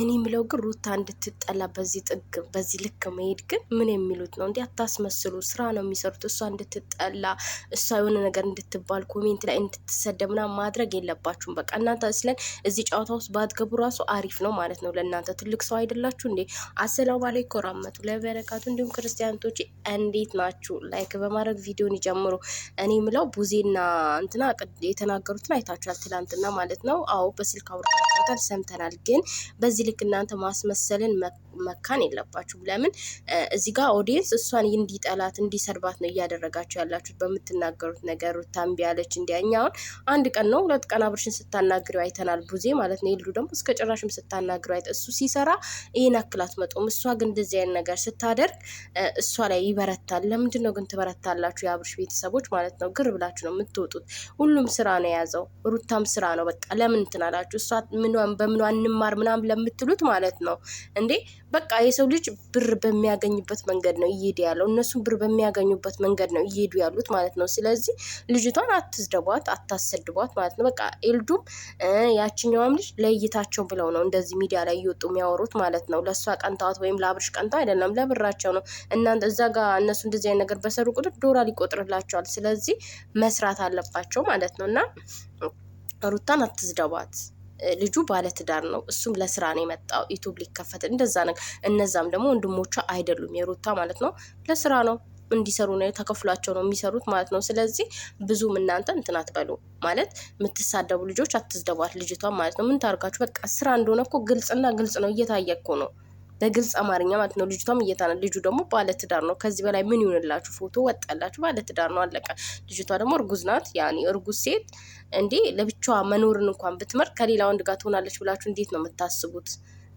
እኔ የምለው ግን ሩታ እንድትጠላ በዚህ ጥግ በዚህ ልክ መሄድ ግን ምን የሚሉት ነው? እንዲህ አታስመስሉ። ስራ ነው የሚሰሩት። እሷ እንድትጠላ እሷ የሆነ ነገር እንድትባል ኮሜንት ላይ እንድትሰደብ ምናምን ማድረግ የለባችሁም። በቃ እናንተ ስለን እዚህ ጨዋታ ውስጥ ባትገቡ ራሱ አሪፍ ነው ማለት ነው ለእናንተ። ትልቅ ሰው አይደላችሁ እንዴ? አሰላሙ አለይኩም ረመቱ ለበረካቱ። እንዲሁም ክርስቲያንቶች እንዴት ናችሁ? ላይክ በማድረግ ቪዲዮን ይጀምሩ። እኔ የምለው ቡዜና እንትና የተናገሩትን አይታችኋል፣ ትላንትና ማለት ነው። አዎ በስልክ አውርታ ተናግረውታል፣ ሰምተናል። ግን በዚህ ልክ እናንተ ማስመሰልን መካን የለባችሁም። ለምን እዚህ ጋር ኦዲየንስ እሷን እንዲጠላት እንዲሰርባት ነው እያደረጋችሁ ያላችሁት በምትናገሩት ነገር። ሩታ እምቢ አለች እንዲያ። አንድ ቀን ነው ሁለት ቀን አብርሽን ስታናግሪው አይተናል፣ ቡዜ ማለት ነው። ይሉ ደግሞ እስከ ጭራሽም ስታናግሪው አይተ እሱ ሲሰራ ይህን አክላት መጦም፣ እሷ ግን እንደዚህ አይነት ነገር ስታደርግ እሷ ላይ ይበረታል። ለምንድን ነው ግን ትበረታላችሁ? የአብርሽ ቤተሰቦች ማለት ነው። ግር ብላችሁ ነው የምትወጡት። ሁሉም ስራ ነው የያዘው፣ ሩታም ስራ ነው። በቃ ለምን ትናላችሁ? እሷ ምን በምኗ እንማር ምናምን ለምትሉት ማለት ነው እንዴ በቃ የሰው ልጅ ብር በሚያገኝበት መንገድ ነው እየሄዱ ያለው። እነሱም ብር በሚያገኙበት መንገድ ነው እየሄዱ ያሉት ማለት ነው። ስለዚህ ልጅቷን አትስደቧት፣ አታሰድቧት ማለት ነው። በቃ ኤልዱም ያችኛዋም ልጅ ለእይታቸው ብለው ነው እንደዚህ ሚዲያ ላይ እየወጡ የሚያወሩት ማለት ነው። ለእሷ ቀንታዋት ወይም ለአብርሽ ቀንታ አይደለም፣ ለብራቸው ነው። እናንተ እዛ ጋር እነሱ እንደዚህ አይነት ነገር በሰሩ ቁጥር ዶላር ይቆጥርላቸዋል። ስለዚህ መስራት አለባቸው ማለት ነው እና ሩታን አትስደቧት። ልጁ ባለትዳር ነው፣ እሱም ለስራ ነው የመጣው ዩቱብ ሊከፈት እንደዛ ነገር። እነዛም ደግሞ ወንድሞቿ አይደሉም የሩታ ማለት ነው፣ ለስራ ነው እንዲሰሩ ነው ተከፍሏቸው ነው የሚሰሩት ማለት ነው። ስለዚህ ብዙም እናንተ እንትን አትበሉ ማለት የምትሳደቡ ልጆች አትስደቧት ልጅቷን ማለት ነው። ምን ታርጋችሁ በቃ ስራ እንደሆነ እኮ ግልጽና ግልጽ ነው፣ እየታየ እኮ ነው። በግልጽ አማርኛ ማለት ነው። ልጅቷም እየታነ ልጁ ደግሞ ባለትዳር ነው። ከዚህ በላይ ምን ይሆንላችሁ? ፎቶ ወጣላችሁ። ባለትዳር ነው፣ አለቀ። ልጅቷ ደግሞ እርጉዝ ናት። ያኔ እርጉዝ ሴት እንዴ ለብቻዋ መኖርን እንኳን ብትመር ከሌላ ወንድ ጋር ትሆናለች ብላችሁ እንዴት ነው የምታስቡት?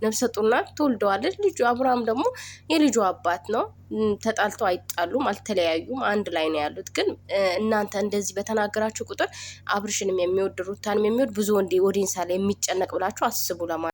ነፍሰ ጡር ናት፣ ትወልደዋለች። ልጁ አብርሃም ደግሞ የልጁ አባት ነው። ተጣልተው አይጣሉም፣ አልተለያዩም፣ አንድ ላይ ነው ያሉት። ግን እናንተ እንደዚህ በተናገራችሁ ቁጥር አብርሽንም የሚወድ ሩታንም የሚወድ ብዙ ወንድ ወዲንሳ ላይ የሚጨነቅ ብላችሁ አስቡ ለማ